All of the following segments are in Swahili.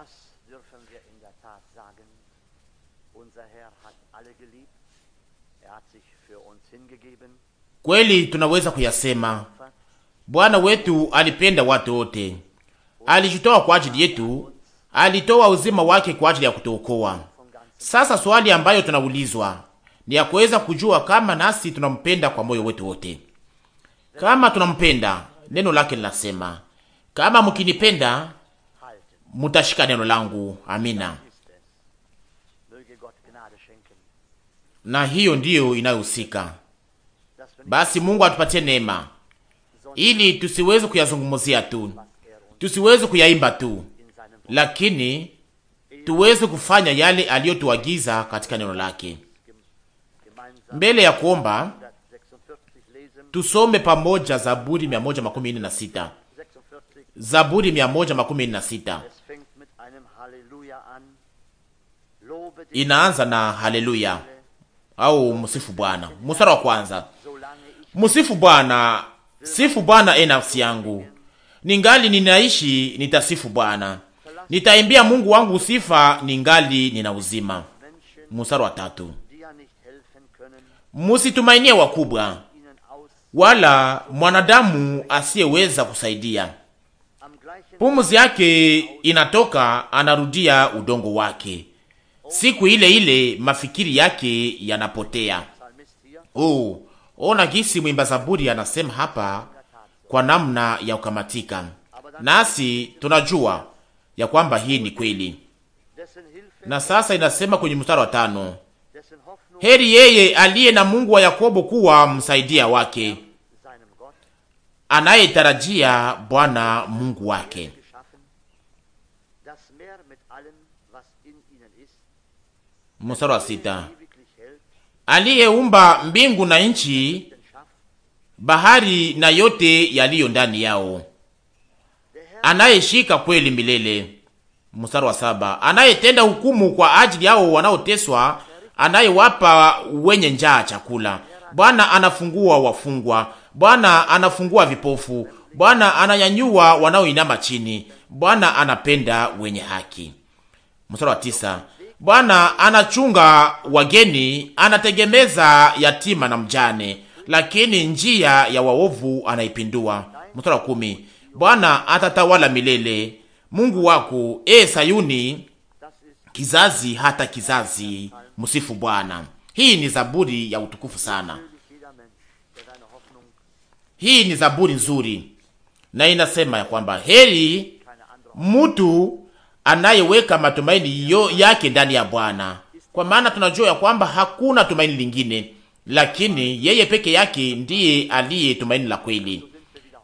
das dürfen wir in der Tat sagen. Unser Herr hat alle geliebt. Er hat sich für uns hingegeben. Kweli tunaweza kuyasema. Bwana wetu alipenda watu wote. Alijitoa kwa ajili yetu, alitoa uzima wake kwa ajili ya kutuokoa. Sasa swali ambayo tunaulizwa ni ya kuweza kujua kama nasi tunampenda kwa moyo wetu wote. Kama tunampenda, neno lake linasema, kama mkinipenda mutashika neno langu. Amina. Na hiyo ndiyo inayohusika. Basi Mungu atupatie neema ili tusiweze kuyazungumzia tu, tusiweze kuyaimba tu, lakini tuweze kufanya yale aliyotuagiza katika neno lake. Mbele ya kuomba, tusome pamoja Zaburi 146, Zaburi 146. inaanza na haleluya au msifu Bwana. Mstari wa kwanza, msifu Bwana, sifu Bwana e nafsi yangu, ningali ninaishi nitasifu Bwana, nitaimbia Mungu wangu sifa ningali nina uzima. Mstari wa tatu, musitumainie wakubwa wala mwanadamu asiyeweza kusaidia, pumzi yake inatoka anarudia udongo wake siku ile ile mafikiri yake yanapotea. Oh, ona gisi mwimba Zaburi anasema hapa kwa namna ya kukamatika, nasi tunajua ya kwamba hii ni kweli. Na sasa inasema kwenye mstari wa tano, heri yeye aliye na Mungu wa Yakobo kuwa msaidia wake, anayetarajia Bwana Mungu wake. mstari wa sita, aliyeumba mbingu na nchi, bahari na yote yaliyo ndani yao, anayeshika kweli milele. Mstari wa saba, anayetenda hukumu kwa ajili yao wanaoteswa, anayewapa wenye njaa chakula. Bwana anafungua wafungwa, Bwana anafungua vipofu, Bwana ananyanyua wanaoinama chini, Bwana anapenda wenye haki. Mstari wa tisa, Bwana anachunga wageni, anategemeza yatima na mjane, lakini njia ya waovu anaipindua. Mstari wa kumi, Bwana atatawala milele, Mungu wako e Sayuni, kizazi hata kizazi. Msifu Bwana. Hii ni zaburi ya utukufu sana. Hii ni zaburi nzuri, na inasema ya kwamba heri mtu anayeweka matumaini yo yake ndani ya Bwana, kwa maana tunajua ya kwamba hakuna tumaini lingine, lakini yeye peke yake ndiye aliye tumaini la kweli,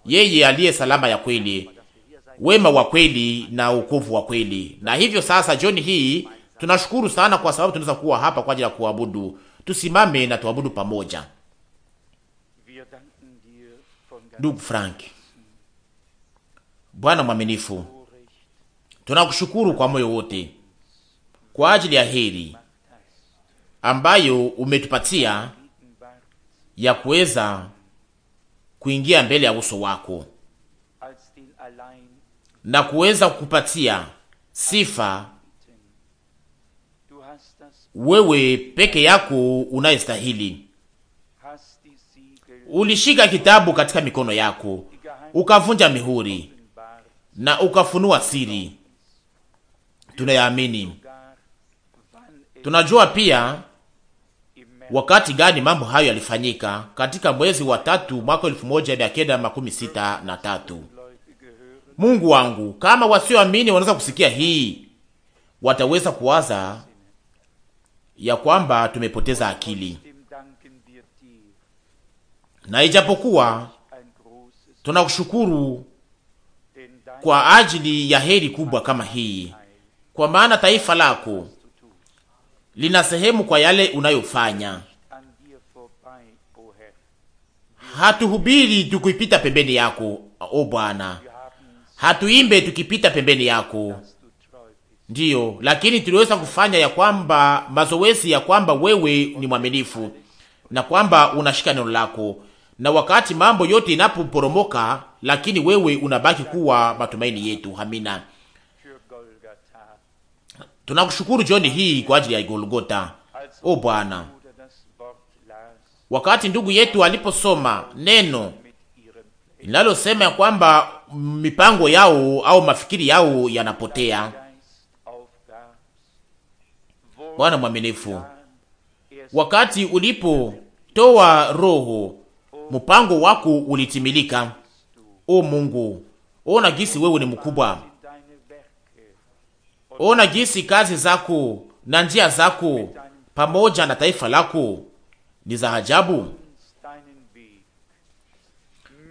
yeye aliye salama ya kweli, wema wa kweli na ukovu wa kweli. Na hivyo sasa, jioni hii tunashukuru sana kwa sababu tunaweza kuwa hapa kwa ajili ya kuabudu. Tusimame na tuabudu pamoja. Ndugu Frank, Bwana mwaminifu Tunakushukuru kwa moyo wote kwa ajili ya heri ambayo umetupatia ya kuweza kuingia mbele ya uso wako na kuweza kukupatia sifa wewe peke yako unayestahili. Ulishika kitabu katika mikono yako, ukavunja mihuri na ukafunua siri tunayaamini. Tunajua pia wakati gani mambo hayo yalifanyika, katika mwezi wa tatu mwaka elfu moja mia kenda makumi sita na tatu. Mungu wangu, kama wasioamini wanaweza kusikia hii, wataweza kuwaza ya kwamba tumepoteza akili, na ijapokuwa tunakushukuru kwa ajili ya heri kubwa kama hii kwa maana taifa lako lina sehemu kwa yale unayofanya. Hatuhubiri tukipita pembeni yako, o Bwana, hatuimbe tukipita pembeni yako, ndiyo, lakini tuliweza kufanya ya kwamba mazoezi ya kwamba wewe ni mwaminifu na kwamba unashika neno lako, na wakati mambo yote inapoporomoka, lakini wewe unabaki kuwa matumaini yetu. Amina. Tunakushukuru jioni hii kwa ajili ya Golgota. O Bwana, wakati ndugu yetu aliposoma neno linalosema ya kwamba mipango yao au mafikiri yao yanapotea, Bwana mwaminifu, wakati ulipotoa Roho, mpango wako ulitimilika. O Mungu, ona gisi wewe ni mkubwa Ona jinsi kazi zako na njia zako pamoja na taifa lako ni za ajabu.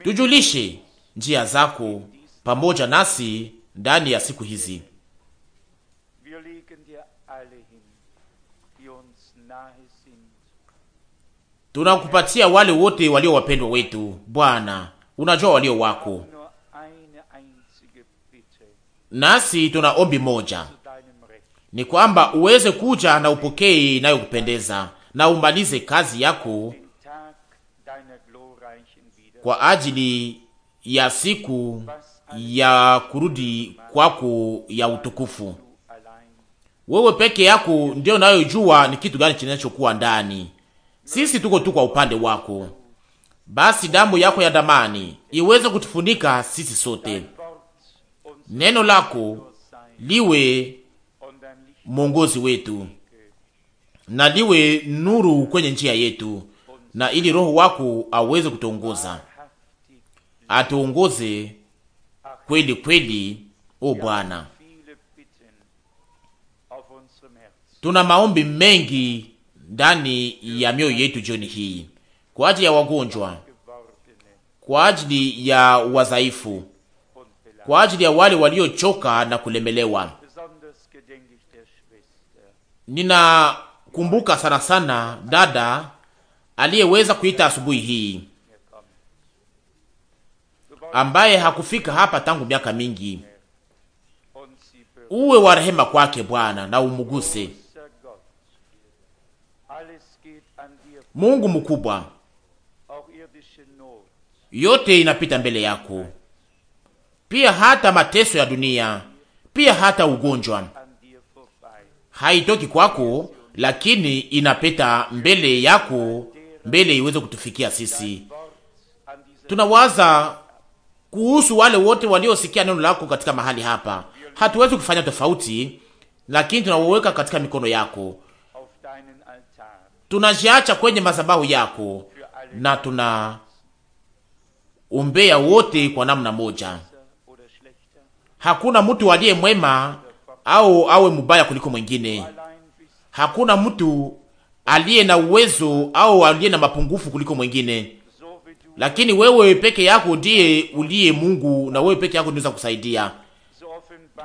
Tujulishe njia zako pamoja nasi ndani ya siku hizi. Tunakupatia wale wote walio wapendwa wetu. Bwana, unajua walio wako Nasi tuna ombi moja, ni kwamba uweze kuja na upokee inayokupendeza na umalize kazi yako kwa ajili ya siku ya kurudi kwako ya utukufu. Wewe peke yako ndio unayojua ni kitu gani kinachokuwa ndani. Sisi tuko tu kwa upande wako. Basi damu yako ya damani iweze kutufunika sisi sote neno lako liwe mwongozi wetu na liwe nuru kwenye njia yetu, na ili Roho wako aweze kutuongoza, atuongoze kweli kweli. O Bwana, tuna maombi mengi ndani ya mioyo yetu jioni hii, kwa ajili ya wagonjwa, kwa ajili ya wazaifu, kwa ajili ya wale waliochoka na kulemelewa. Ninakumbuka sana sana dada aliyeweza kuita asubuhi hii ambaye hakufika hapa tangu miaka mingi. Uwe wa rehema kwake Bwana na umuguse. Mungu mkubwa, yote inapita mbele yako pia hata mateso ya dunia, pia hata ugonjwa haitoki kwako, lakini inapita mbele yako, mbele iweze kutufikia sisi. Tunawaza kuhusu wale wote waliosikia neno lako katika mahali hapa. Hatuwezi kufanya tofauti, lakini tunaweka katika mikono yako, tunajiacha kwenye madhabahu yako na umbea wote kwa namna moja. Hakuna mtu aliye mwema au awe mubaya kuliko mwingine. Hakuna mtu aliye na uwezo au aliye na mapungufu kuliko mwingine, lakini wewe peke yako ndiye uliye Mungu, na wewe peke yako unaweza kusaidia.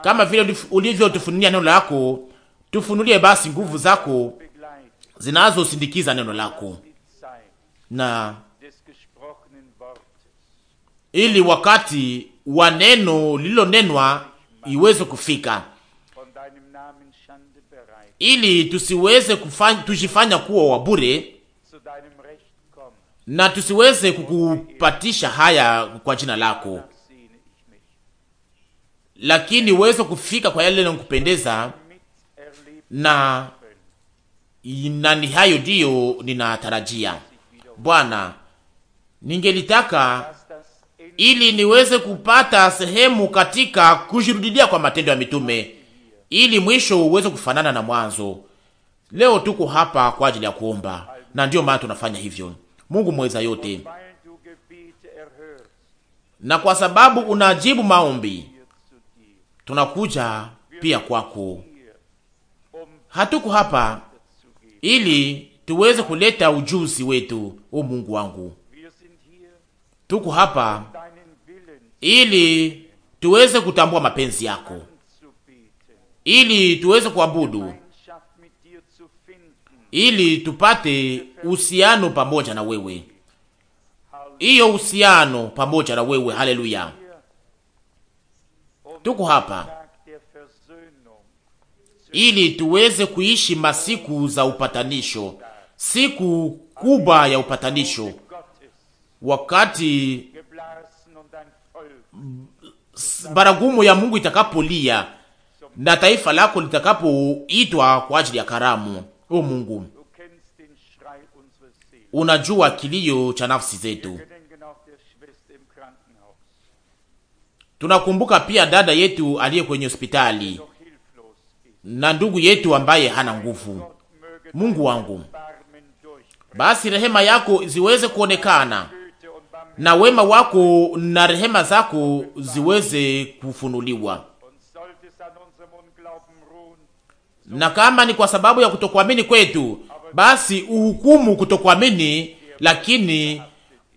Kama vile ulivyotufunulia neno lako, tufunulie basi nguvu zako zinazosindikiza neno lako, na ili wakati wa neno lililonenwa iweze kufika, ili tusiweze kufanya tujifanya kuwa wabure na tusiweze kukupatisha haya kwa jina lako, lakini uweze kufika kwa yale nakupendeza na nani hayo ndiyo ninatarajia Bwana. Ningelitaka ili niweze kupata sehemu katika kujirudilia kwa matendo ya mitume, ili mwisho uweze kufanana na mwanzo. Leo tuko hapa kwa ajili ya kuomba, na ndiyo maana tunafanya hivyo. Mungu mweza yote, na kwa sababu unajibu maombi, tunakuja pia kwako. Hatuko hapa ili tuweze kuleta ujuzi wetu, o Mungu wangu tuko hapa ili tuweze kutambua mapenzi yako, ili tuweze kuabudu, ili tupate uhusiano pamoja na wewe, hiyo uhusiano pamoja na wewe. Haleluya, tuko hapa ili tuweze kuishi masiku za upatanisho, siku kubwa ya upatanisho wakati baragumu ya Mungu itakapolia na taifa lako litakapoitwa kwa ajili ya karamu. O Mungu, unajua kilio cha nafsi zetu. Tunakumbuka pia dada yetu aliye kwenye hospitali na ndugu yetu ambaye hana nguvu. Mungu wangu, basi rehema yako ziweze kuonekana na wema wako na rehema zako ziweze kufunuliwa. Na kama ni kwa sababu ya kutokuamini kwetu, basi uhukumu kutokuamini, lakini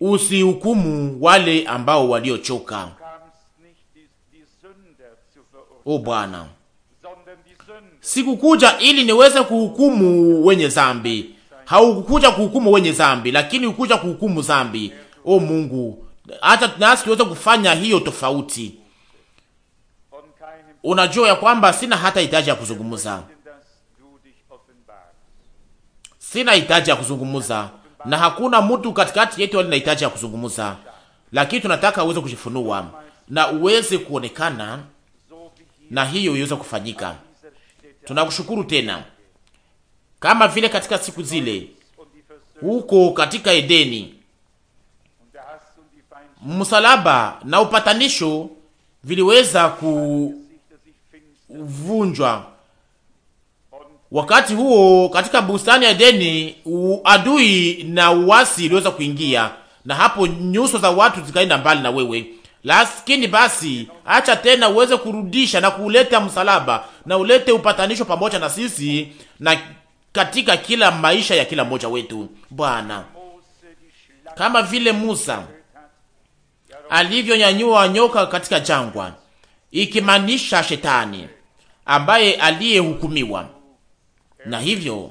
usihukumu wale ambao waliochoka. O Bwana, sikukuja ili niweze kuhukumu wenye zambi, Haukuja kuhukumu wenye zambi, lakini ukuja kuhukumu zambi O oh, Mungu, hata nasi tuweze kufanya hiyo tofauti. Unajua ya kwamba sina hata hitaji ya kuzungumza, sina hitaji ya kuzungumza, na hakuna mtu katikati yetu na hitaji ya kuzungumza, lakini tunataka uweze kujifunua na uweze kuonekana, na hiyo iweze kufanyika. Tunakushukuru tena, kama vile katika siku zile huko katika Edeni msalaba na upatanisho viliweza kuvunjwa. Wakati huo katika bustani ya Edeni adui na uasi iliweza kuingia, na hapo nyuso za watu zikaenda mbali na wewe. Lakini basi acha tena uweze kurudisha na kuleta msalaba na ulete upatanisho pamoja na sisi na katika kila maisha ya kila mmoja wetu, Bwana, kama vile Musa alivyonyanyua nyoka katika jangwa, ikimaanisha shetani ambaye aliyehukumiwa. Na hivyo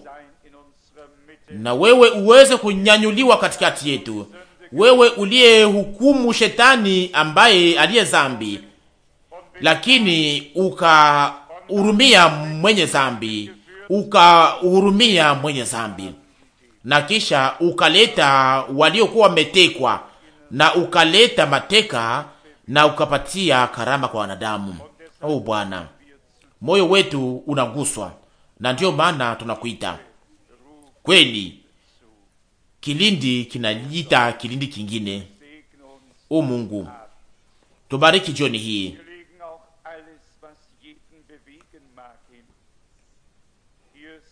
na wewe uweze kunyanyuliwa katikati yetu, wewe uliyehukumu shetani ambaye aliye zambi, lakini ukahurumia mwenye zambi, ukahurumia mwenye zambi na kisha ukaleta waliokuwa wametekwa na ukaleta mateka na ukapatia karama kwa wanadamu. Oh Bwana, moyo wetu unaguswa, na ndiyo maana tunakuita kweli. Kilindi kinajiita kilindi kingine. O Mungu, tubariki jioni hii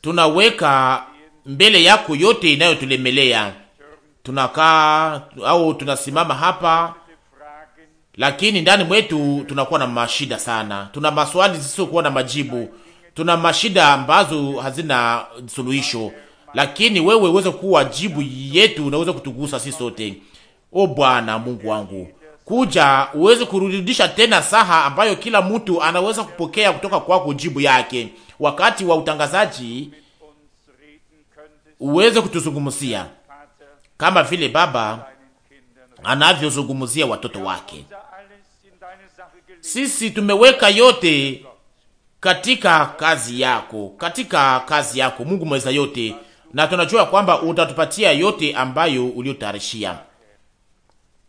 tunaweka mbele yako yote inayotulemelea tunakaa au tunasimama hapa, lakini ndani mwetu tunakuwa na mashida sana, tuna maswali zisizokuwa na majibu, tuna mashida ambazo hazina suluhisho, lakini wewe uweze kuwa jibu yetu, unaweza kutugusa sisi sote. O Bwana Mungu wangu, kuja uweze kurudisha tena saha ambayo kila mtu anaweza kupokea kutoka kwako jibu yake. Wakati wa utangazaji uweze kutuzungumzia kama vile baba anavyozungumzia watoto wake. Sisi tumeweka yote katika kazi yako, katika kazi yako Mungu mweza yote, na tunajua kwamba utatupatia yote ambayo uliotarishia.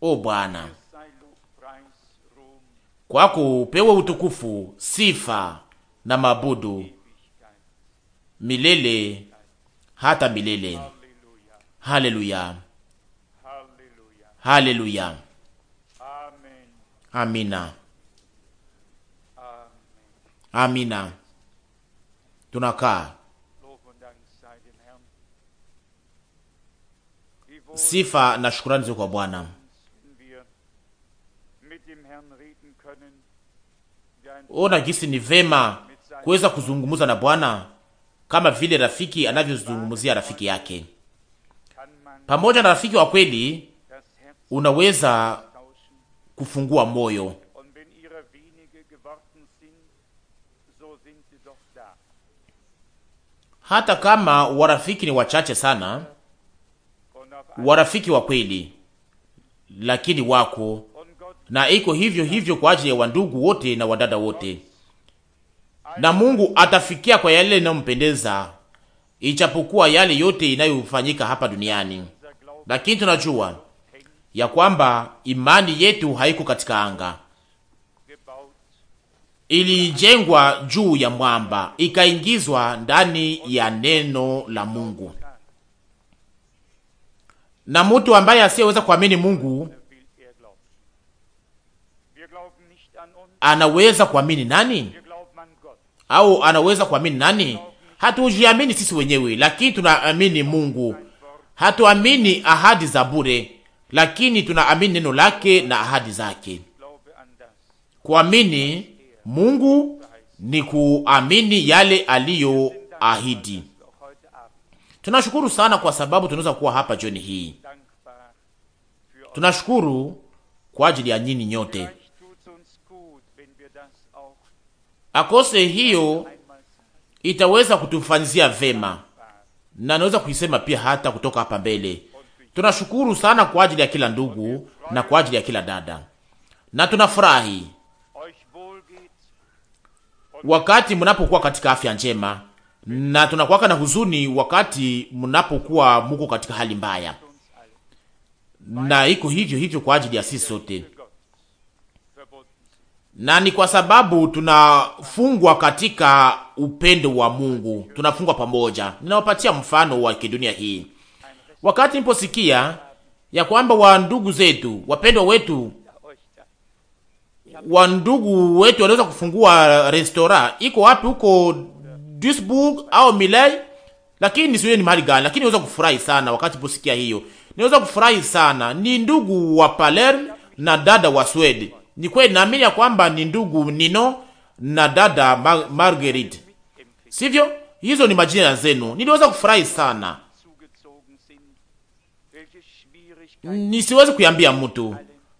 O Bwana, kwako upewe utukufu, sifa na mabudu milele hata milele. Haleluya, Haleluya, amina, amina. Tunakaa. Sifa na shukurani zote kwa Bwana. Ona jinsi ni vema kuweza kuzungumza na Bwana kama vile rafiki anavyozungumzia rafiki yake. Pamoja na rafiki wa kweli unaweza kufungua moyo hata kama warafiki ni wachache sana, warafiki wa kweli lakini wako na iko hivyo hivyo kwa ajili ya wandugu wote na wadada wote, na Mungu atafikia kwa yale inayompendeza, ichapokuwa yale yote inayofanyika hapa duniani, lakini tunajua ya kwamba imani yetu haiko katika anga, ilijengwa juu ya mwamba, ikaingizwa ndani ya neno la Mungu. Na mtu ambaye asiyeweza kuamini Mungu anaweza kuamini nani? Au anaweza kuamini nani? Hatujiamini sisi wenyewe, lakini tunaamini Mungu. Hatuamini ahadi za bure lakini tunaamini neno lake na ahadi zake. Kuamini Mungu ni kuamini yale aliyoahidi. Tunashukuru sana kwa sababu tunaweza kuwa hapa jioni hii. Tunashukuru kwa ajili ya nyinyi nyote. Akose hiyo itaweza kutufanyizia vema na naweza kuisema pia hata kutoka hapa mbele Tunashukuru sana kwa ajili ya kila ndugu na kwa ajili ya kila dada, na tunafurahi wakati mnapokuwa katika afya njema, na tunakuwaka na huzuni wakati mnapokuwa muko katika hali mbaya, na iko hivyo hivyo kwa ajili ya sisi sote, na ni kwa sababu tunafungwa katika upendo wa Mungu, tunafungwa pamoja. Ninawapatia mfano wa kidunia hii Wakati niposikia ya kwamba wa ndugu zetu wapendwa wetu wa ndugu wetu waliweza kufungua restora iko wapi huko Duisburg au Milai, lakini sio ni mahali gani, lakini niweza kufurahi sana wakati niposikia hiyo, niweza kufurahi sana. Ni ndugu wa Palermo na dada wa Swede, Ni kweli naamini ya kwamba ni ndugu Nino na dada Mar Marguerite, sivyo? Hizo ni majina zenu. Niliweza kufurahi sana nisiwezi kuyambia mtu,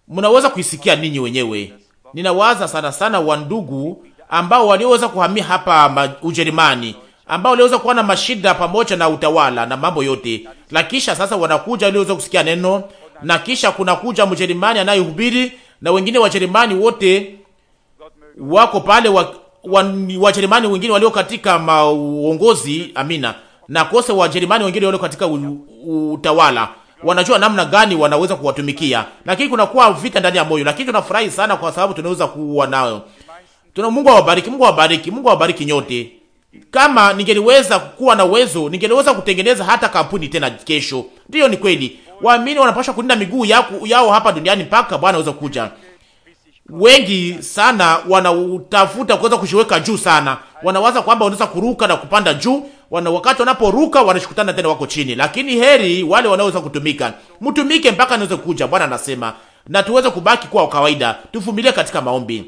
mnaweza kuisikia ninyi wenyewe. Ninawaza sana sana wa ndugu ambao walioweza kuhamia hapa Ujerumani, ambao waliweza kuwa na mashida pamoja na utawala na mambo yote, na kisha sasa wanakuja waliweza kusikia neno, na kisha kuna kuja Mjerumani anayehubiri na wengine Wajerumani wote wako pale wa, wa, Wajerumani wengine walio katika maongozi amina, na kose Wajerumani wengine walio katika u, utawala wanajua namna gani wanaweza kuwatumikia, lakini kunakuwa vita ndani ya moyo, lakini tunafurahi sana kwa sababu tunaweza kuwa nayo. Tuna Mungu awabariki, Mungu awabariki, Mungu awabariki nyote. Kama ningeliweza kuwa na uwezo, ningeliweza kutengeneza hata kampuni tena kesho. Ndiyo, ni kweli, waamini wanapaswa kulinda miguu yao, yao hapa duniani mpaka Bwana aweze kuja. Wengi sana wanautafuta kuweza kushiweka juu sana, wanawaza kwamba wanaweza kuruka na kupanda juu wana wakati wanaporuka wanashikutana tena wako chini, lakini heri wale wanaoweza kutumika. Mtumike mpaka niweze kuja, Bwana anasema, na tuweze kubaki kwa kawaida, tuvumilie katika maombi.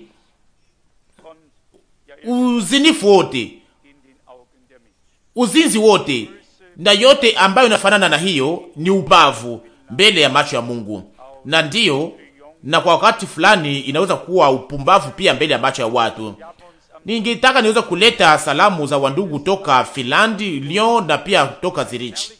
Uzinifu wote, uzinzi wote na yote ambayo inafanana na hiyo ni ubavu mbele ya macho ya Mungu, na ndiyo, na kwa wakati fulani inaweza kuwa upumbavu pia mbele ya macho ya watu, Ningetaka niweze kuleta salamu za wandugu toka Finlandi, Lyon na pia toka Zurich.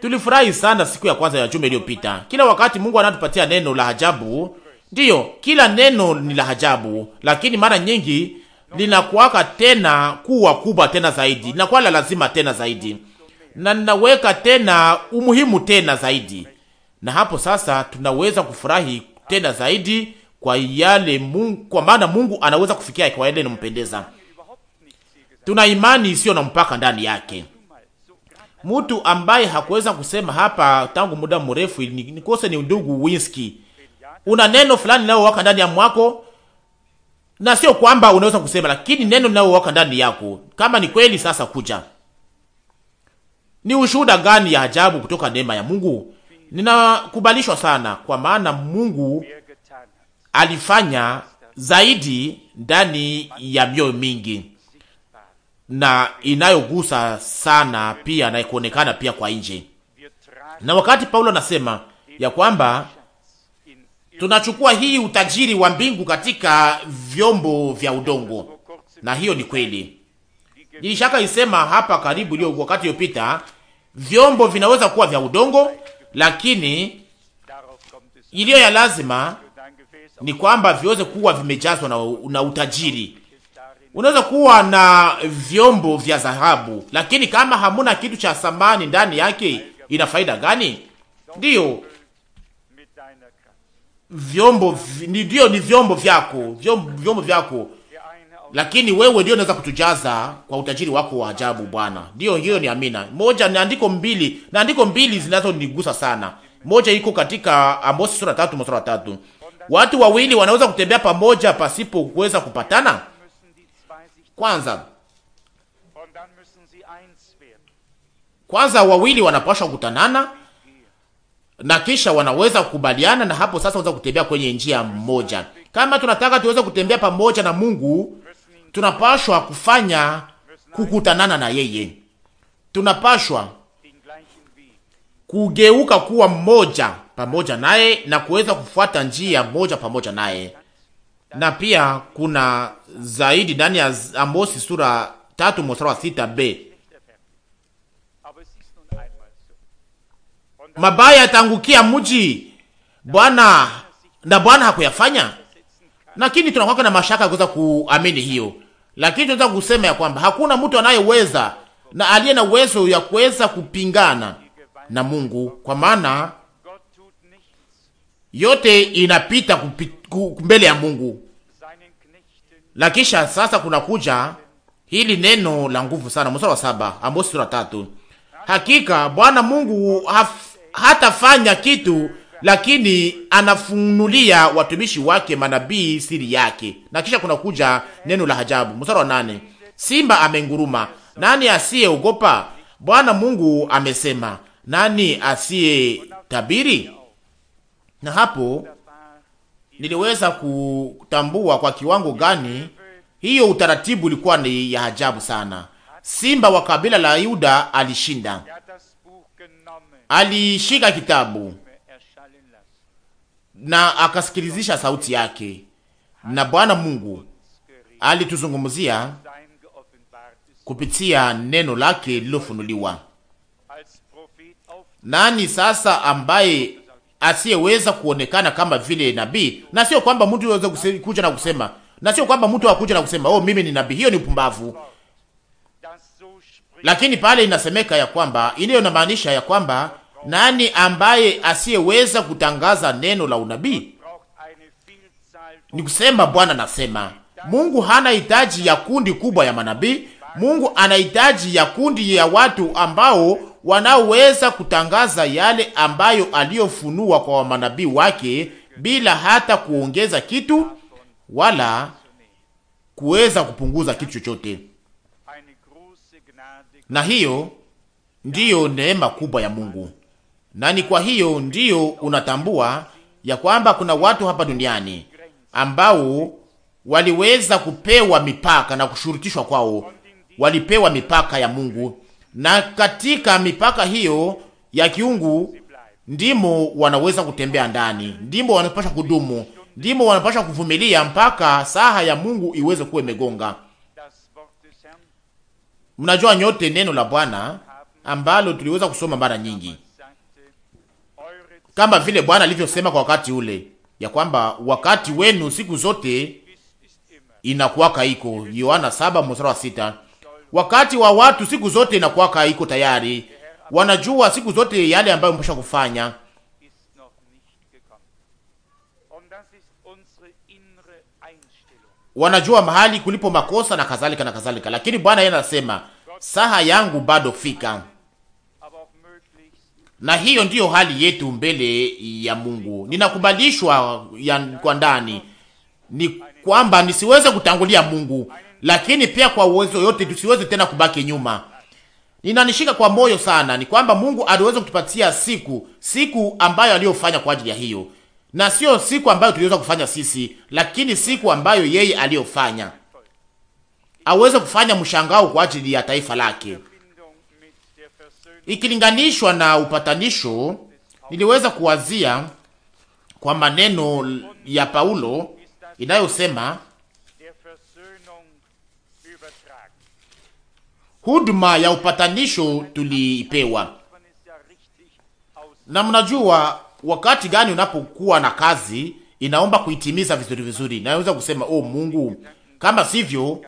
Tulifurahi sana siku ya kwanza ya juma iliyopita. Kila wakati Mungu anatupatia neno la ajabu. Ndiyo, kila neno ni la ajabu, lakini mara nyingi linakuwaka tena kuwa kubwa tena zaidi, linakuwa la lazima tena zaidi, na ninaweka tena umuhimu tena zaidi, na hapo sasa tunaweza kufurahi tena zaidi kwa yale Mungu, kwa maana Mungu anaweza kufikia kwa yale inampendeza. Tuna imani isiyo na mpaka ndani yake. Mtu ambaye hakuweza kusema hapa tangu muda mrefu nikose ni ndugu Winski, una neno fulani nao waka ndani ya mwako, na sio kwamba unaweza kusema, lakini neno nao waka ndani yako, kama ni kweli sasa kuja. Ni ushuhuda gani ya ajabu kutoka neema ya Mungu? Ninakubalishwa sana, kwa maana Mungu alifanya zaidi ndani ya mioyo mingi na inayogusa sana pia na kuonekana pia kwa nje. Na wakati Paulo anasema ya kwamba tunachukua hii utajiri wa mbingu katika vyombo vya udongo, na hiyo ni kweli. Nilishaka isema hapa karibu iliyo wakati iliyopita, vyombo vinaweza kuwa vya udongo, lakini iliyo ya lazima ni kwamba viweze kuwa vimejazwa na, na utajiri. Unaweza kuwa na vyombo vya dhahabu, lakini kama hamuna kitu cha thamani ndani yake, ina faida gani? Ndiyo vyombo ndio ni vyombo vyako, vyombo, vyombo vyako, lakini wewe ndio unaweza kutujaza kwa utajiri wako wa ajabu Bwana. Ndio hiyo ni amina. Moja ni andiko mbili na andiko mbili zinazonigusa sana. Moja iko katika Amosi sura tatu mstari wa tatu Watu wawili wanaweza kutembea pamoja pasipo kuweza kupatana. Kwanza kwanza wawili wanapashwa kukutanana na kisha wanaweza kukubaliana, na hapo sasa waweza kutembea kwenye njia mmoja. Kama tunataka tuweze kutembea pamoja na Mungu, tunapashwa kufanya kukutanana na yeye, tunapashwa kugeuka kuwa mmoja pamoja naye na kuweza kufuata njia moja pamoja naye. Na pia kuna zaidi ndani ya Amosi sura tatu mstari wa sita b mabaya yatangukia mji Bwana na Bwana hakuyafanya. Lakini tunakuwa na mashaka ya kuweza kuamini hiyo, lakini tunaweza kusema ya kwamba hakuna mtu anayeweza na aliye na uwezo ya kuweza kupingana na Mungu, kwa maana yote inapita kupi, mbele ya Mungu. La kisha sasa kunakuja hili neno la nguvu sana, mstari wa saba, Amosi sura tatu. Hakika Bwana Mungu haf, hatafanya kitu lakini anafunulia watumishi wake manabii siri yake. Na kisha kunakuja neno la ajabu, mstari wa nane, simba amenguruma, nani asiyeogopa? Bwana Mungu amesema, nani asiye tabiri? na hapo niliweza kutambua kwa kiwango gani hiyo utaratibu ulikuwa ni ya ajabu sana. Simba wa kabila la Yuda alishinda, alishika kitabu na akasikilizisha sauti yake, na Bwana Mungu alituzungumzia kupitia neno lake lilofunuliwa. Nani sasa ambaye asiyeweza kuonekana kama vile nabii, na sio kwamba mtu aweze kuja na kusema, na sio kwamba mtu akuja na kusema oh, mimi ni nabii. Hiyo ni upumbavu, lakini pale inasemeka ya kwamba iliyo na maanisha ya kwamba nani ambaye asiyeweza kutangaza neno la unabii? Ni kusema Bwana nasema, Mungu hana hitaji ya kundi kubwa ya manabii. Mungu anahitaji ya kundi ya watu ambao wanaoweza kutangaza yale ambayo aliyofunua kwa manabii wake bila hata kuongeza kitu wala kuweza kupunguza kitu chochote. Na hiyo ndiyo neema kubwa ya Mungu, na ni kwa hiyo ndiyo unatambua ya kwamba kuna watu hapa duniani ambao waliweza kupewa mipaka na kushurutishwa kwao, walipewa mipaka ya Mungu na katika mipaka hiyo ya kiungu ndimo wanaweza kutembea ndani, ndimo wanapasha kudumu, ndimo wanapasha kuvumilia mpaka saha ya Mungu iweze kuwa imegonga. Mnajua nyote neno la Bwana ambalo tuliweza kusoma mara nyingi, kama vile Bwana alivyosema kwa wakati ule ya kwamba wakati wenu siku zote inakuwaka iko, Yohana 7 mstari wa 6. Wakati wa watu siku zote inakuwaka iko tayari, wanajua siku zote yale ambayo mpasha kufanya. wanajua mahali kulipo makosa na kadhalika na kadhalika, lakini Bwana yeye anasema saha yangu bado fika, na hiyo ndiyo hali yetu mbele ya Mungu. Ninakubalishwa ya kwa ndani ni kwamba nisiweze kutangulia Mungu, lakini pia kwa uwezo yote tusiweze tena kubaki nyuma. Ninanishika kwa moyo sana ni kwamba Mungu aliweza kutupatia siku, siku ambayo aliyofanya kwa ajili ya hiyo, na sio siku ambayo tuliweza kufanya sisi, lakini siku ambayo yeye aliyofanya aweze kufanya mshangao kwa ajili ya taifa lake, ikilinganishwa na upatanisho. Niliweza kuwazia kwa maneno ya Paulo inayosema huduma ya upatanisho tuliipewa. Na mnajua wakati gani unapokuwa na kazi inaomba kuitimiza vizuri vizuri, naweza kusema oh, Mungu, kama sivyo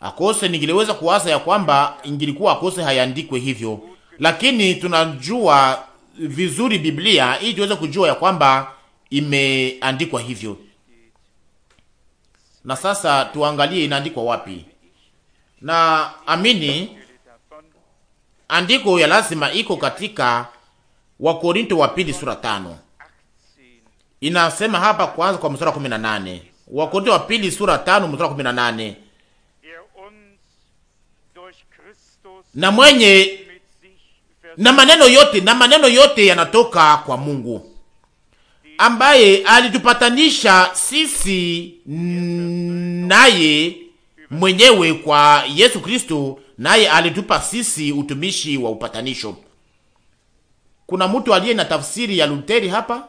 akose ningiliweza kuwaza ya kwamba ingilikuwa akose hayandikwe hivyo, lakini tunajua vizuri Biblia ili tuweze kujua ya kwamba imeandikwa hivyo. Na sasa tuangalie inaandikwa wapi na amini andiko ya lazima iko katika Wakorinto wa pili sura tano inasema hapa kwanza kwa mstari wa 18. Wakorinto wa pili sura tano mstari wa 18, na mwenye na maneno yote na maneno yote yanatoka kwa Mungu ambaye alitupatanisha sisi naye mwenyewe kwa Yesu Kristo, naye alitupa sisi utumishi wa upatanisho. Kuna mtu aliye na tafsiri ya Luteri hapa,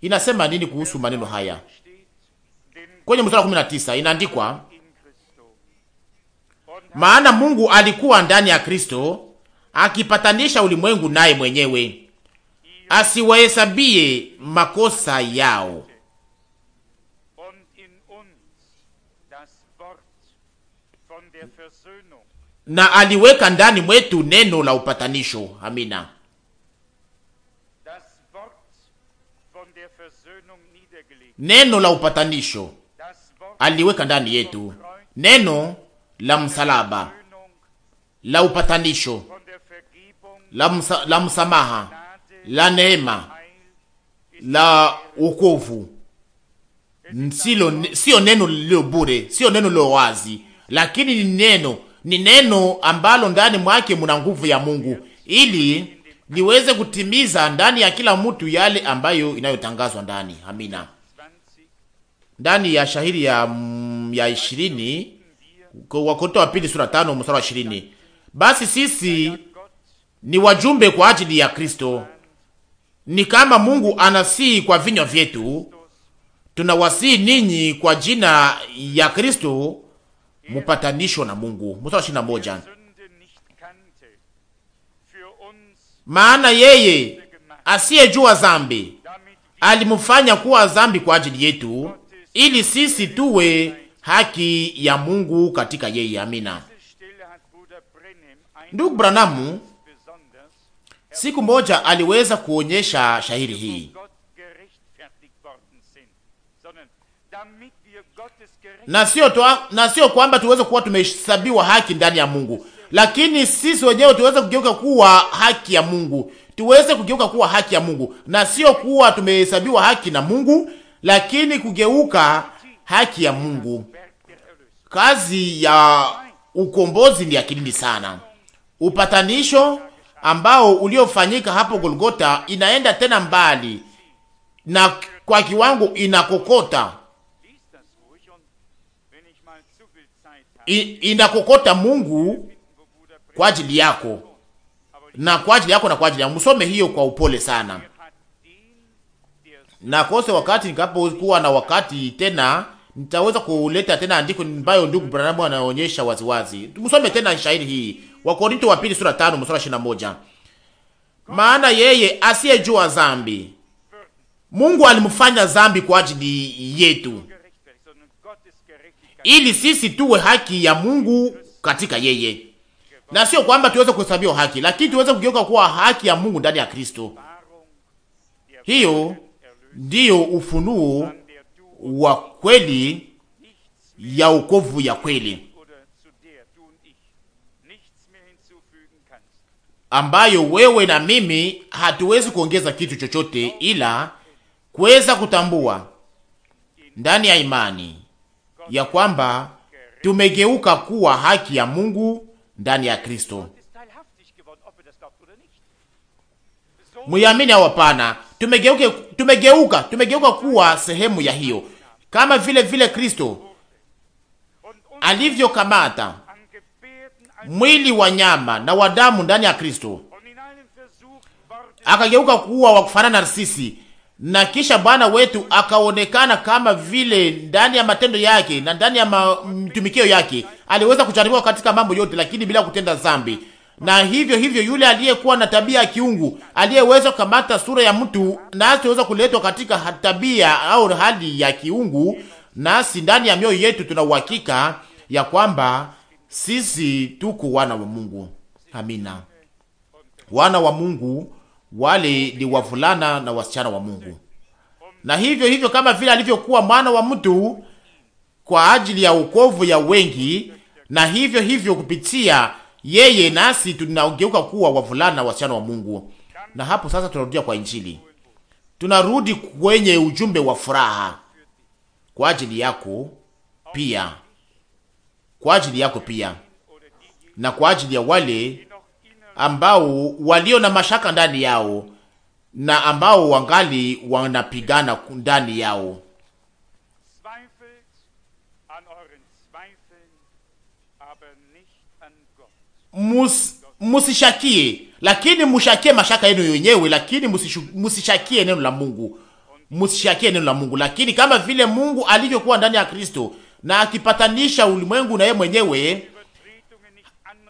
inasema nini kuhusu maneno haya? Kwenye mstari wa tisa inaandikwa, maana Mungu alikuwa ndani ya Kristo akipatanisha ulimwengu naye mwenyewe, asiwahesabie makosa yao na aliweka ndani mwetu neno la upatanisho. Amina. Neno la upatanisho aliweka ndani yetu, neno la msalaba la upatanisho, la, msa, la msamaha, la neema, la wokovu. Sio neno lilio bure, sio neno lilio wazi, lakini ni neno ni neno ambalo ndani mwake muna nguvu ya Mungu ili liweze kutimiza ndani ya kila mtu yale ambayo inayotangazwa ndani. Amina. Ndani ya shahiri ya, mm, ya ishirini Wakorintho wa pili sura 5 mstari wa 20, basi sisi ni wajumbe kwa ajili ya Kristo, ni kama Mungu anasii kwa vinywa vyetu, tunawasii ninyi kwa jina ya Kristo mupatanisho na Mungu. Mstari ishirini na moja maana yeye asiyejua zambi alimufanya kuwa zambi kwa ajili yetu, ili sisi tuwe haki ya Mungu katika yeye. Amina. Ndugu Branamu siku moja aliweza kuonyesha shahiri hii na sio na sio kwamba tuweze kuwa tumehesabiwa haki ndani ya Mungu, lakini sisi wenyewe tuweze kugeuka kuwa haki ya Mungu, tuweze kugeuka kuwa haki ya Mungu, na sio kuwa tumehesabiwa haki na Mungu, lakini kugeuka haki ya Mungu. Kazi ya ukombozi ni ya sana. Upatanisho ambao uliofanyika hapo Golgota inaenda tena mbali na kwa kiwango inakokota inakokota Mungu kwa ajili yako na kwa ajili yako na kwa ajili yangu. Msome hiyo kwa upole sana, na kose wakati nikapokuwa na wakati tena nitaweza kuleta tena andiko ambayo ndugu Branham anaonyesha waziwazi. Msome tena shairi hii Wakorinto wa pili sura 5 mstari 21, maana yeye asiyejua dhambi Mungu alimfanya zambi kwa ajili yetu ili sisi tuwe haki ya Mungu katika yeye, na sio kwamba tuweze kuhesabiwa haki, lakini tuweze kugeuka kuwa haki ya Mungu ndani ya Kristo. Hiyo ndiyo ufunuo wa kweli ya ukovu ya kweli ambayo wewe na mimi hatuwezi kuongeza kitu chochote, ila kuweza kutambua ndani ya imani ya kwamba tumegeuka kuwa haki ya Mungu ndani ya Kristo. Muamini au hapana? Tumegeuke, tumegeuka, tumegeuka kuwa sehemu ya hiyo, kama vile vile Kristo alivyokamata mwili wa nyama na wa damu ndani ya Kristo akageuka kuwa wa kufanana na sisi na kisha Bwana wetu akaonekana kama vile ndani ya matendo yake na ndani ya mtumikio yake aliweza kujaribiwa katika mambo yote, lakini bila kutenda dhambi. Na hivyo hivyo yule aliyekuwa na tabia ya kiungu aliyeweza kukamata sura ya mtu na asiweza kuletwa katika tabia au hali ya kiungu, nasi ndani ya mioyo yetu tuna uhakika ya kwamba sisi tuko wana wa Mungu. Amina. Wana wa Mungu wale ni wavulana na wasichana wa Mungu. Na hivyo hivyo, kama vile alivyokuwa mwana wa mtu kwa ajili ya ukovu ya wengi, na hivyo hivyo kupitia yeye nasi tunageuka kuwa wavulana na wasichana wa Mungu. Na hapo sasa tunarudia kwa Injili, tunarudi kwenye ujumbe wa furaha kwa ajili yako pia, kwa ajili yako pia, na kwa ajili ya wale ambao walio na mashaka ndani yao na ambao wangali wanapigana ndani yao. Mus, musishakie lakini mushakie mashaka yenu yenyewe, lakini musishakie neno la Mungu, musishakie neno la Mungu. Lakini kama vile Mungu alivyokuwa ndani ya Kristo na akipatanisha ulimwengu na yeye mwenyewe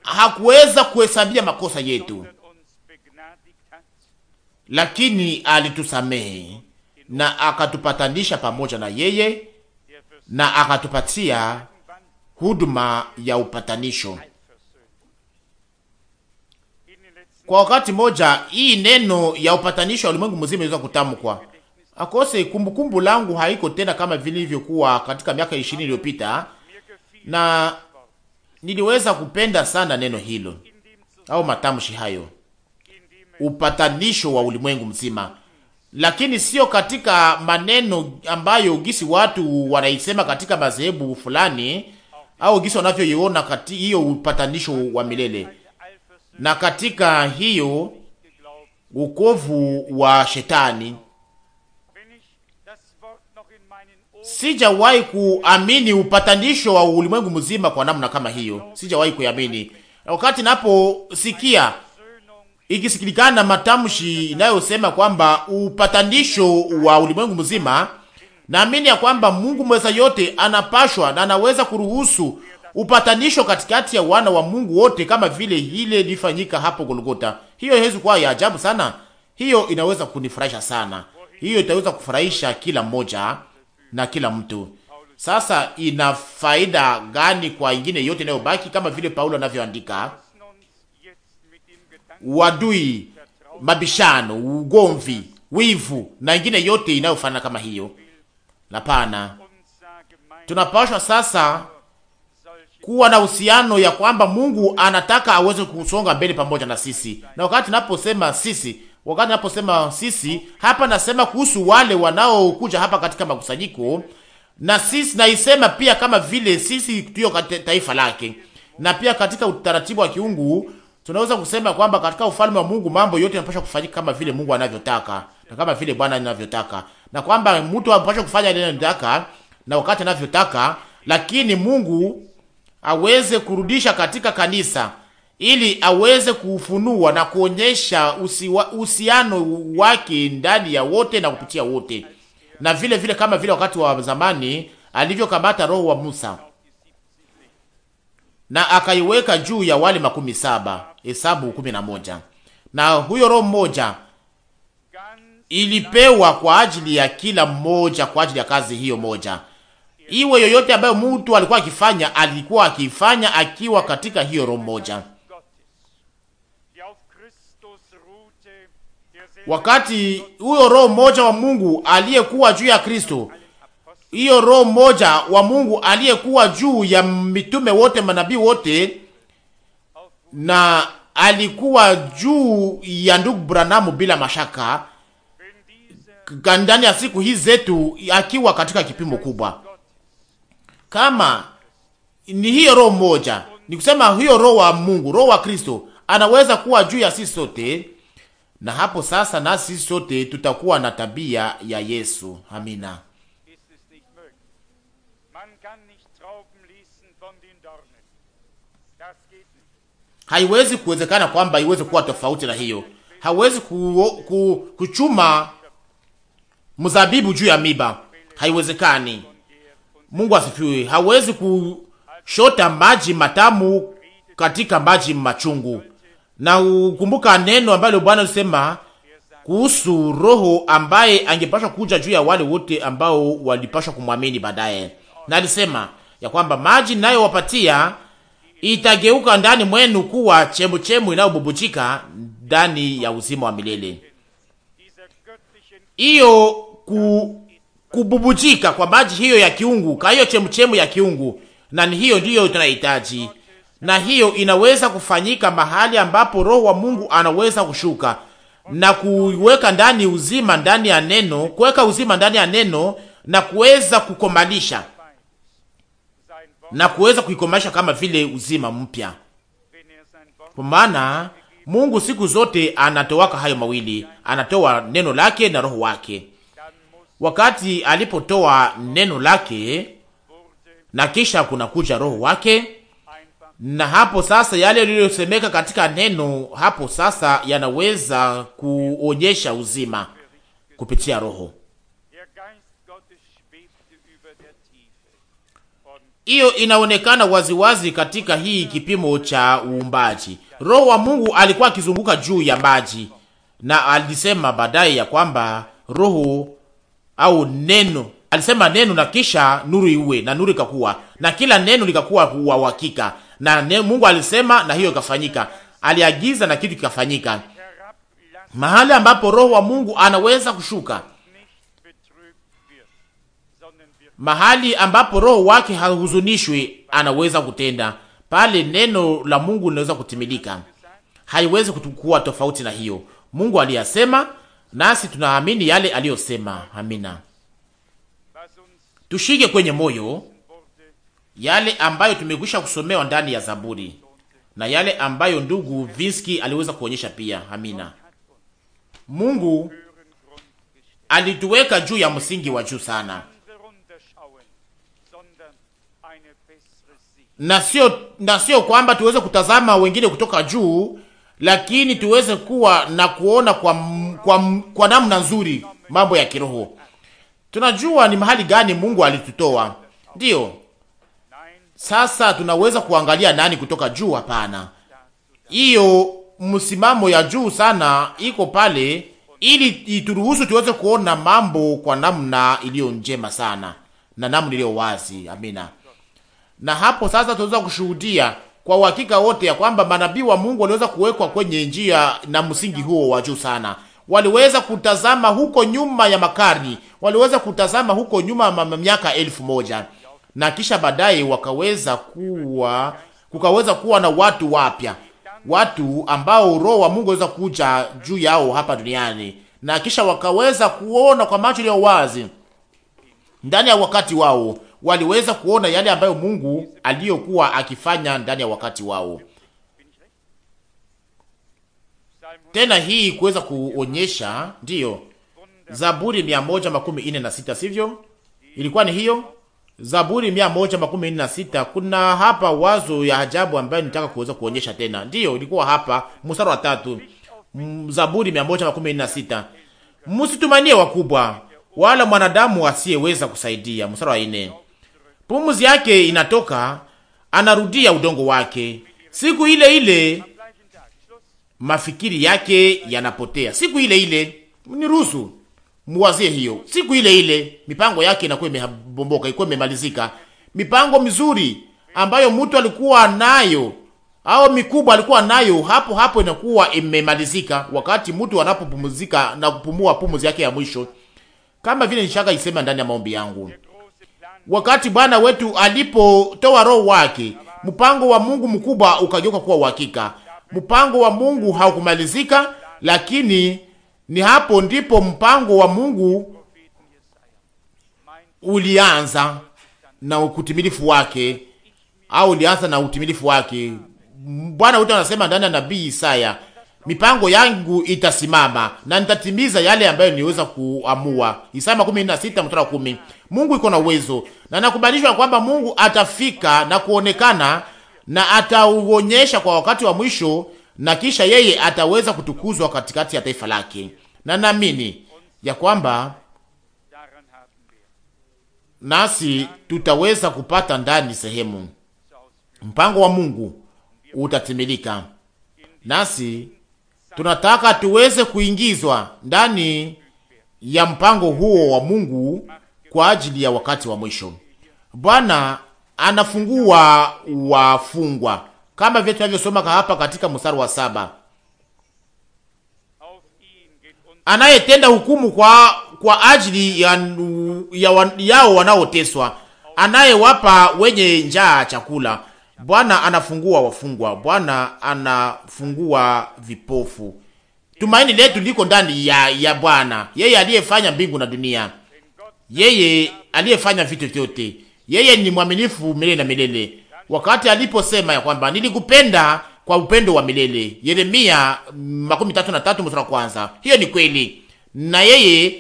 hakuweza kuhesabia makosa yetu, lakini alitusamehe na akatupatanisha pamoja na yeye na akatupatia huduma ya upatanisho. Kwa wakati moja, hii neno ya upatanisho ya ulimwengu mzima iliweza kutamkwa. Akose kumbukumbu langu haiko tena kama vilivyokuwa katika miaka ishirini iliyopita, na niliweza kupenda sana neno hilo au matamshi hayo, upatanisho wa ulimwengu mzima, lakini sio katika maneno ambayo gisi watu wanaisema katika madhehebu fulani au gisi wanavyoiona hiyo upatanisho wa milele, na katika hiyo ukovu wa shetani Sijawahi kuamini upatanisho wa ulimwengu mzima kwa namna kama hiyo, sijawahi kuamini. Wakati naposikia ikisikilikana matamshi inayosema kwamba upatanisho wa ulimwengu mzima, naamini ya kwamba Mungu mweza yote anapashwa na anaweza kuruhusu upatanisho katikati ya wana wa Mungu wote, kama vile ile ilifanyika hapo Golgota. Hiyo haiwezi kuwa ya ajabu sana, hiyo inaweza kunifurahisha sana, hiyo itaweza kufurahisha kila mmoja na kila mtu. Sasa ina faida gani kwa ingine yote inayobaki? Kama vile Paulo anavyoandika, wadui, mabishano, ugomvi, wivu na ingine yote inayofanana kama hiyo. Hapana, tunapashwa sasa kuwa na uhusiano ya kwamba Mungu anataka aweze kusonga mbele pamoja na sisi, na wakati naposema sisi Wakati naposema sisi hapa, nasema kuhusu wale wanaokuja hapa katika makusanyiko, na sisi naisema pia kama vile sisi tuyo taifa lake, na pia katika utaratibu wa kiungu tunaweza kusema kwamba katika ufalme wa Mungu mambo yote yanapaswa kufanyika kama vile Mungu anavyotaka na kama vile Bwana anavyotaka, na kwamba mtu anapaswa kufanya ile anataka na wakati anavyotaka, lakini Mungu aweze kurudisha katika kanisa ili aweze kufunua na kuonyesha uhusiano wake ndani ya wote na kupitia wote, na vile vile kama vile wakati wa zamani alivyokamata roho wa Musa na akaiweka juu ya wale makumi saba Hesabu kumi na moja. Na huyo roho mmoja ilipewa kwa ajili ya kila mmoja, kwa ajili ya kazi hiyo moja, iwe yoyote ambayo mtu alikuwa akifanya, alikuwa akifanya akiwa katika hiyo roho moja. wakati huyo roho mmoja wa Mungu aliyekuwa juu ya Kristo, hiyo roho mmoja wa Mungu aliyekuwa juu ya mitume wote, manabii wote, na alikuwa juu ya ndugu Branamu bila mashaka ndani ya siku hizi zetu, akiwa katika kipimo kubwa. Kama ni hiyo roho moja, ni kusema hiyo roho wa Mungu, roho wa Kristo anaweza kuwa juu ya sisi sote na hapo sasa nasi sote tutakuwa na tabia ya Yesu. Amina. Haiwezi kuwezekana kwamba iweze kuwa tofauti na hiyo. Hawezi ku, ku, kuchuma mzabibu juu ya miba, haiwezekani. Mungu asifiwe. Hawezi kushota maji matamu katika maji machungu na ukumbuka neno ambalo Bwana alisema kuhusu Roho ambaye angepashwa kuja juu ya wale wote ambao walipashwa kumwamini baadaye, na alisema ya kwamba maji nayowapatia itageuka ndani mwenu kuwa chemuchemu inayobubujika ndani ya uzima wa milele. Hiyo ku, kububujika kwa maji hiyo ya kiungu, kwa hiyo chemuchemu ya kiungu, na ni hiyo ndiyo tunahitaji na hiyo inaweza kufanyika mahali ambapo Roho wa Mungu anaweza kushuka na kuweka ndani uzima ndani ya neno, kuweka uzima ndani ya neno na kuweza kukomalisha na kuweza kuikomalisha kama vile uzima mpya, kwa maana Mungu siku zote anatowaka hayo mawili, anatoa neno lake na roho wake. Wakati alipotoa neno lake na kisha kuna kuja roho wake na hapo sasa yale yaliyosemeka katika neno hapo sasa yanaweza kuonyesha uzima kupitia Roho. Hiyo inaonekana waziwazi wazi katika hii kipimo cha uumbaji. Roho wa Mungu alikuwa akizunguka juu ya maji, na alisema baadaye ya kwamba roho au neno alisema neno, na kisha nuru iwe, na nuru ikakuwa, na kila neno likakuwa uhakika na Mungu alisema na hiyo ikafanyika, aliagiza na kitu kikafanyika. Mahali ambapo roho wa Mungu anaweza kushuka, mahali ambapo roho wake hahuzunishwi, anaweza kutenda pale. Neno la Mungu linaweza kutimilika, haiwezi kutukua tofauti na hiyo. Mungu aliyasema, nasi tunaamini yale aliyosema. Amina. Tushike kwenye moyo yale ambayo tumekwisha kusomewa ndani ya Zaburi na yale ambayo ndugu Vinski aliweza kuonyesha pia. Amina. Mungu alituweka juu ya msingi wa juu sana, na sio na sio kwamba tuweze kutazama wengine kutoka juu, lakini tuweze kuwa na kuona kwa, kwa, kwa namna nzuri mambo ya kiroho. Tunajua ni mahali gani Mungu alitutoa, ndiyo sasa tunaweza kuangalia nani kutoka juu? Hapana, hiyo msimamo ya juu sana iko pale ili ituruhusu tuweze kuona mambo kwa namna iliyo njema sana na namna iliyo wazi. Amina. Na hapo sasa tunaweza kushuhudia kwa uhakika wote ya kwamba manabii wa Mungu waliweza kuwekwa kwenye njia na msingi huo wa juu sana. Waliweza kutazama huko nyuma ya makarni, waliweza kutazama huko nyuma ya miaka elfu moja na kisha baadaye wakaweza kuwa kukaweza kuwa na watu wapya, watu ambao roho wa Mungu aweza kuja juu yao hapa duniani, na kisha wakaweza kuona kwa macho ya wazi ndani ya wakati wao, waliweza kuona yale ambayo Mungu aliyokuwa akifanya ndani ya wakati wao. Tena hii kuweza kuonyesha ndiyo Zaburi mia moja makumi na sita, sivyo? Ilikuwa ni hiyo Zaburi mia moja makumi na sita. Kuna hapa wazo ya ajabu ambayo nitaka kuweza kuonyesha tena, ndiyo ilikuwa hapa mstari wa tatu, Zaburi mia moja makumi na sita, msitumanie wakubwa wala mwanadamu asiyeweza kusaidia. Mstari wa ine, pumzi yake inatoka anarudia udongo wake, siku ile ile mafikiri yake yanapotea, siku ile ile. Niruhusu muwazie hiyo siku ile ile, mipango yake inakuwa imebomboka, ilikuwa imemalizika. Mipango mizuri ambayo mtu alikuwa nayo au mikubwa alikuwa nayo, hapo hapo inakuwa imemalizika, wakati mtu anapopumzika na kupumua pumzi yake ya mwisho, kama vile nishaka isema ndani ya maombi yangu, wakati Bwana wetu alipotoa roho wake, mpango wa Mungu mkubwa ukageuka kuwa uhakika. Mpango wa Mungu haukumalizika, lakini ni hapo ndipo mpango wa Mungu ulianza na ukutimilifu wake, au ulianza na utimilifu wake. Bwana wetu anasema ndani ya nabii Isaya, mipango yangu itasimama na nitatimiza yale ambayo niweza kuamua. Isaya makumi na sita mstari wa kumi. Mungu iko na uwezo na nakubalishwa kwamba Mungu atafika na kuonekana na atauonyesha kwa wakati wa mwisho na kisha yeye ataweza kutukuzwa katikati ya taifa lake, na naamini ya kwamba nasi tutaweza kupata ndani sehemu. Mpango wa Mungu utatimilika, nasi tunataka tuweze kuingizwa ndani ya mpango huo wa Mungu kwa ajili ya wakati wa mwisho. Bwana anafungua wafungwa kama vile tunavyosoma hapa katika mstari wa saba anayetenda hukumu kwa, kwa ajili ya, ya wan, yao wanaoteswa, anayewapa wenye njaa chakula. Bwana anafungua wafungwa, Bwana anafungua vipofu. Tumaini letu liko ndani ya, ya Bwana, yeye aliyefanya mbingu na dunia, yeye aliyefanya vitu vyote. Yeye ni mwaminifu milele na milele wakati aliposema ya kwamba nilikupenda kwa upendo wa milele, Yeremia makumi tatu na tatu mstari wa kwanza. Hiyo ni kweli na yeye,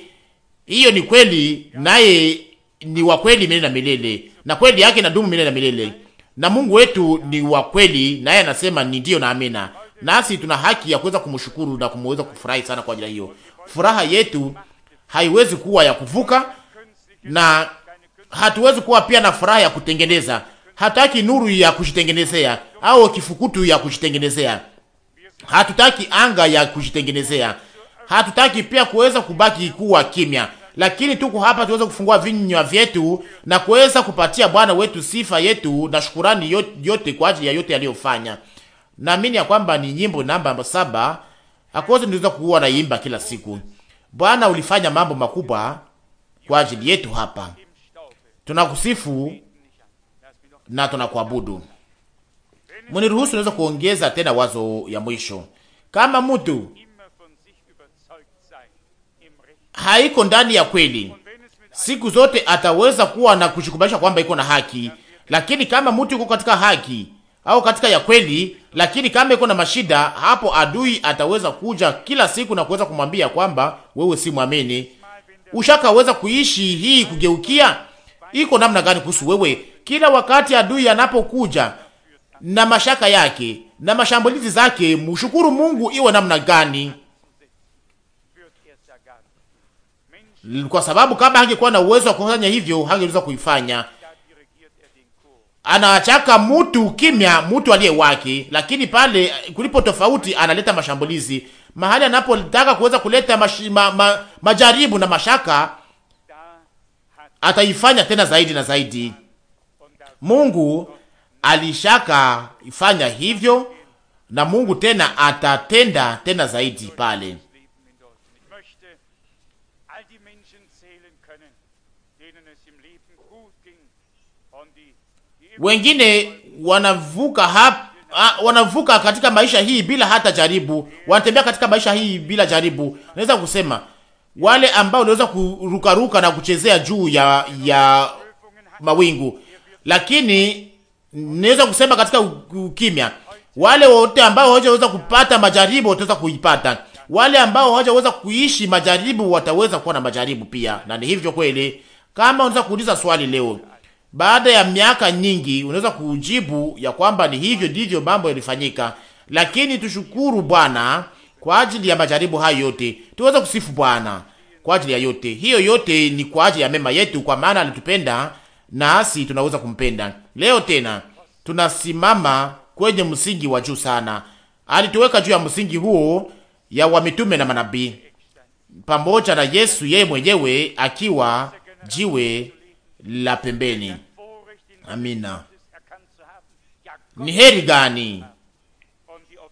hiyo ni kweli naye ni wa kweli milele na milele, na kweli yake inadumu milele na milele, na Mungu wetu ni wa kweli, naye anasema ni ndiyo na amina, nasi tuna haki ya kuweza kumshukuru na kumweza kufurahi sana kwa ajili hiyo. Furaha yetu haiwezi kuwa ya kuvuka na hatuwezi kuwa pia na furaha ya kutengeneza hataki nuru ya kujitengenezea au kifukutu ya kujitengenezea. Hatutaki anga ya kujitengenezea. Hatutaki pia kuweza kubaki kuwa kimya, lakini tuko hapa tuweze kufungua vinywa vyetu na kuweza kupatia Bwana wetu sifa yetu na shukurani yote, kwa ajili ya yote aliyofanya. Naamini ya kwamba ni nyimbo namba saba akoze niweza kuwa naimba kila siku. Bwana ulifanya mambo makubwa kwa ajili yetu hapa. Tunakusifu na tunakuabudu. Mniruhusu, naweza kuongeza tena wazo ya mwisho. Kama mtu haiko ndani ya kweli, siku zote ataweza kuwa na kushikubalisha kwamba iko na haki, lakini kama mtu yuko katika haki au katika ya kweli, lakini kama iko na mashida, hapo adui ataweza kuja kila siku na kuweza kumwambia kwamba wewe si mwamini. Ushakaweza kuishi hii kugeukia, iko namna gani kuhusu wewe? Kila wakati adui anapokuja na mashaka yake na mashambulizi zake, mshukuru Mungu iwe namna gani, kwa sababu kama angekuwa na uwezo wa kufanya hivyo hangeweza kuifanya. Anaachaka mtu kimya, mtu aliye wake, lakini pale kulipo tofauti analeta mashambulizi mahali anapotaka kuweza kuleta ma, ma, majaribu na mashaka, ataifanya tena zaidi na zaidi. Mungu alishaka ifanya hivyo, na Mungu tena atatenda tena zaidi pale. Wengine wanavuka a, wanavuka katika maisha hii bila hata jaribu, wanatembea katika maisha hii bila jaribu. Naweza kusema wale ambao waliweza kurukaruka na kuchezea juu ya ya mawingu lakini niweza kusema katika ukimya, wale wote ambao hawajaweza kupata majaribu wataweza kuipata, wale ambao hawajaweza kuishi majaribu wataweza kuwa na majaribu pia, na ni hivyo kweli. Kama unaweza kuuliza swali leo baada ya miaka nyingi, unaweza kujibu ya kwamba ni hivyo ndivyo mambo yalifanyika, lakini tushukuru Bwana kwa ajili ya majaribu hayo yote. Tuweze kusifu Bwana kwa ajili ya yote hiyo. Yote ni kwa ajili ya mema yetu, kwa maana alitupenda nasi tunaweza kumpenda. Leo tena tunasimama kwenye msingi wa juu sana. Alituweka juu ya msingi huo ya wa mitume na manabii, pamoja na Yesu yeye mwenyewe akiwa jiwe la pembeni. Amina. Ni heri gani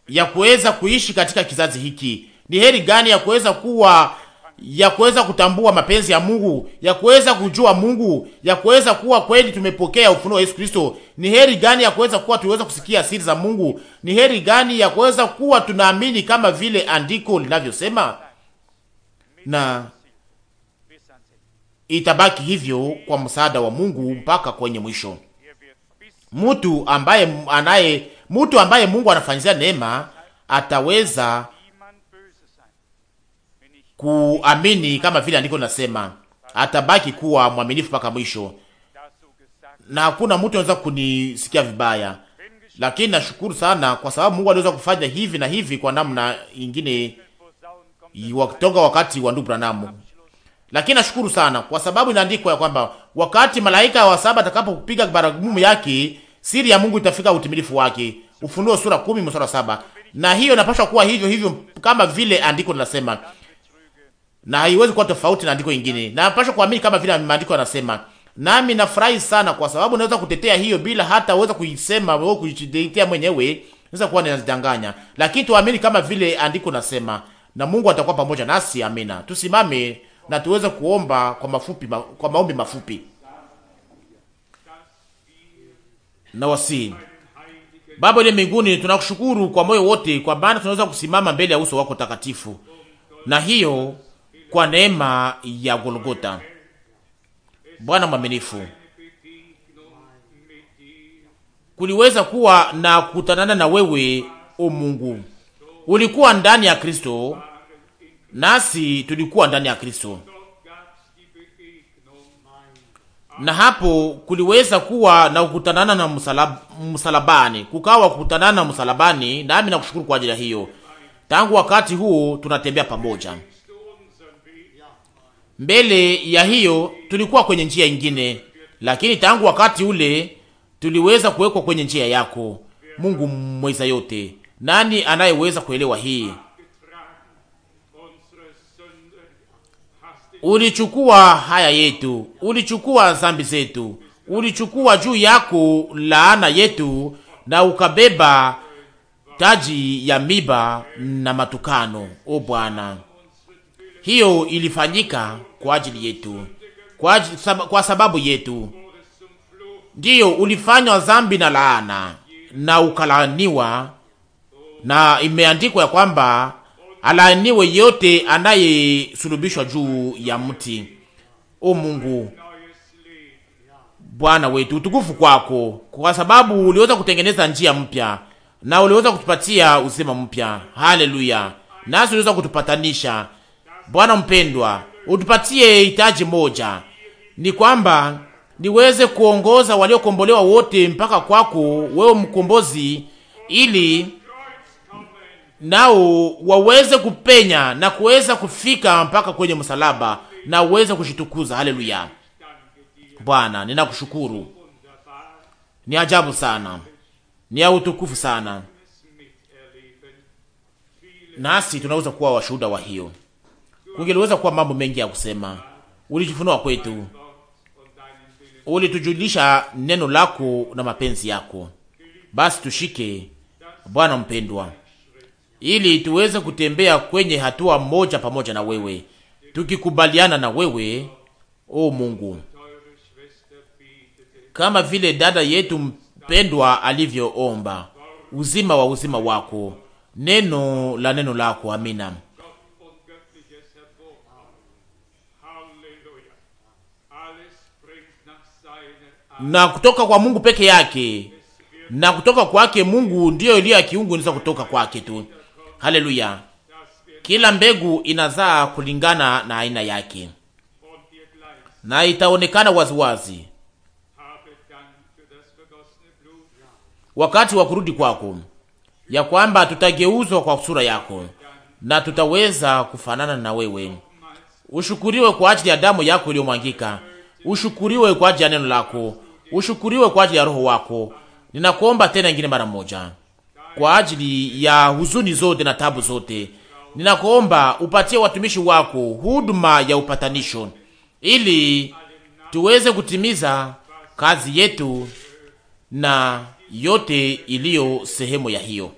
ya kuweza kuishi katika kizazi hiki! Ni heri gani ya kuweza kuwa ya kuweza kutambua mapenzi ya Mungu, ya kuweza kujua Mungu, ya kuweza kuwa kweli tumepokea ufunuo wa Yesu Kristo. Ni heri gani ya kuweza kuwa tuweza kusikia siri za Mungu? Ni heri gani ya kuweza kuwa tunaamini kama vile andiko linavyosema, na itabaki hivyo kwa msaada wa Mungu mpaka kwenye mwisho. Mtu ambaye anaye mtu ambaye Mungu anafanyia neema ataweza kuamini kama vile andiko linasema, atabaki kuwa mwaminifu mpaka mwisho, na hakuna mtu anaweza kunisikia vibaya. Lakini nashukuru sana kwa sababu Mungu aliweza kufanya hivi na hivi kwa namna ingine wakitoka wakati wa ndugu Branamu. Lakini nashukuru sana kwa sababu inaandikwa ya kwamba wakati malaika wa saba atakapopiga baragumu yake, siri ya Mungu itafika utimilifu wake. Ufunuo sura kumi mstari saba. Na hiyo inapaswa kuwa hivyo hivyo kama vile andiko linasema na haiwezi kuwa tofauti na andiko ingine, na napasha kuamini kama vile maandiko yanasema. Nami nafurahi sana kwa sababu naweza kutetea hiyo bila hata uweza kuisema wewe kujitetea mwenyewe, naweza kuwa ninazidanganya, lakini tuamini kama vile andiko nasema, na Mungu atakuwa pamoja nasi. Amina. Tusimame na tuweze kuomba kwa mafupi ma, kwa maombi mafupi na wasi. Baba ile mbinguni, tunakushukuru kwa moyo wote, kwa maana tunaweza kusimama mbele ya uso wako takatifu, na hiyo kwa neema ya Golgota. Bwana mwaminifu, kuliweza kuwa na kutanana na wewe, o Mungu. Ulikuwa ndani ya Kristo, nasi tulikuwa ndani ya Kristo, na hapo kuliweza kuwa na kukutanana na msalab, msalabani, kukawa kukutanana na msalabani, nami nakushukuru kwa ajili ya hiyo. Tangu wakati huu tunatembea pamoja. Mbele ya hiyo tulikuwa kwenye njia ingine, lakini tangu wakati ule tuliweza kuwekwa kwenye njia yako. Mungu mweza yote, nani anayeweza kuelewa hii? Ulichukua haya yetu, ulichukua dhambi zetu, ulichukua juu yako laana yetu, na ukabeba taji ya miba na matukano. O Bwana, hiyo ilifanyika kwa ajili yetu, kwa, ajili, kwa sababu yetu ndiyo ulifanywa dhambi na laana na ukalaaniwa, na imeandikwa ya kwamba alaaniwe yote anayesulubishwa juu ya mti. O Mungu Bwana wetu, utukufu kwako, kwa sababu uliweza kutengeneza njia mpya na uliweza kutupatia uzima mpya. Haleluya! Nasi uliweza kutupatanisha. Bwana mpendwa, utupatie hitaji moja, ni kwamba niweze kuongoza waliokombolewa wote mpaka kwako wewe mkombozi, ili nao waweze kupenya na kuweza kufika mpaka kwenye msalaba na uweze kushitukuza. Haleluya! Bwana, ninakushukuru, ni ajabu sana, ni ya utukufu sana, nasi tunaweza kuwa washuhuda wa hiyo kungeliweza kuwa mambo mengi ya kusema. Ulijifunua kwetu, ulitujulisha neno lako na mapenzi yako. Basi tushike Bwana mpendwa, ili tuweze kutembea kwenye hatua moja pamoja na wewe, tukikubaliana na wewe, o Mungu, kama vile dada yetu mpendwa alivyoomba, uzima wa uzima wako, neno la neno lako. Amina. na kutoka kwa Mungu peke yake, na kutoka kwake Mungu ndiyo iliyo ya kiungu, inaweza kutoka kwake tu. Haleluya! Kila mbegu inazaa kulingana na aina yake, na itaonekana waziwazi wakati wa kurudi kwako, ya kwamba tutageuzwa kwa sura yako na tutaweza kufanana na wewe. Ushukuriwe kwa ajili ya damu yako iliyomwangika, ushukuriwe kwa ajili ya neno lako, ushukuriwe kwa ajili ya roho wako. Ninakuomba tena ingine mara moja kwa ajili ya huzuni zote na tabu zote, ninakuomba upatie watumishi wako huduma ya upatanisho, ili tuweze kutimiza kazi yetu na yote iliyo sehemu ya hiyo.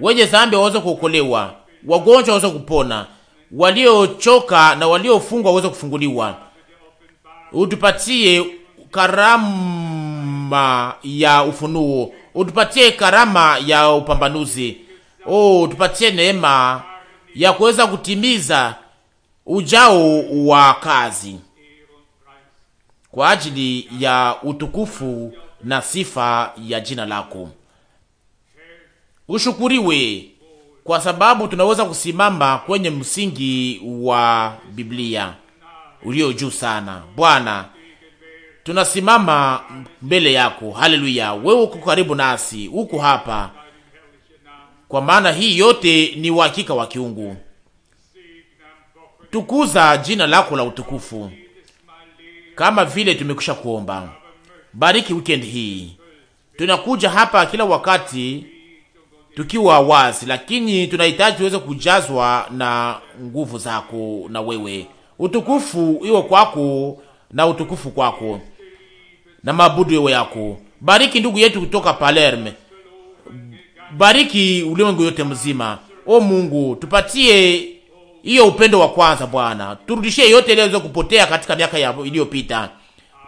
Wenye zambi waweze kuokolewa, wagonjwa waweze kupona, waliochoka na waliofungwa waweze kufunguliwa. Utupatie karama ya ufunuo, utupatie karama ya upambanuzi, oh, utupatie neema ya kuweza kutimiza ujao wa kazi kwa ajili ya utukufu na sifa ya jina lako. Ushukuriwe kwa sababu tunaweza kusimama kwenye msingi wa Biblia ulio juu sana. Bwana, tunasimama mbele yako. Haleluya, wewe uko karibu nasi, uko hapa, kwa maana hii yote ni uhakika wa kiungu. Tukuza jina lako la utukufu kama vile tumekwisha kuomba. Bariki weekend hii, tunakuja hapa kila wakati tukiwa wazi, lakini tunahitaji tuweze kujazwa na nguvu zako na wewe. Utukufu iwe kwako na utukufu kwako na mabudu yako. Bariki ndugu yetu kutoka Palerme, bariki ulimwengu yote mzima. O Mungu, tupatie hiyo upendo wa kwanza Bwana, turudishie yote iliyoweza kupotea katika miaka iliyopita.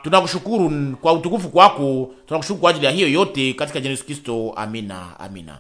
Tunakushukuru kwa utukufu kwako, tunakushukuru kwa ajili ya hiyo yote katika Yesu Kristo. Amina, amina.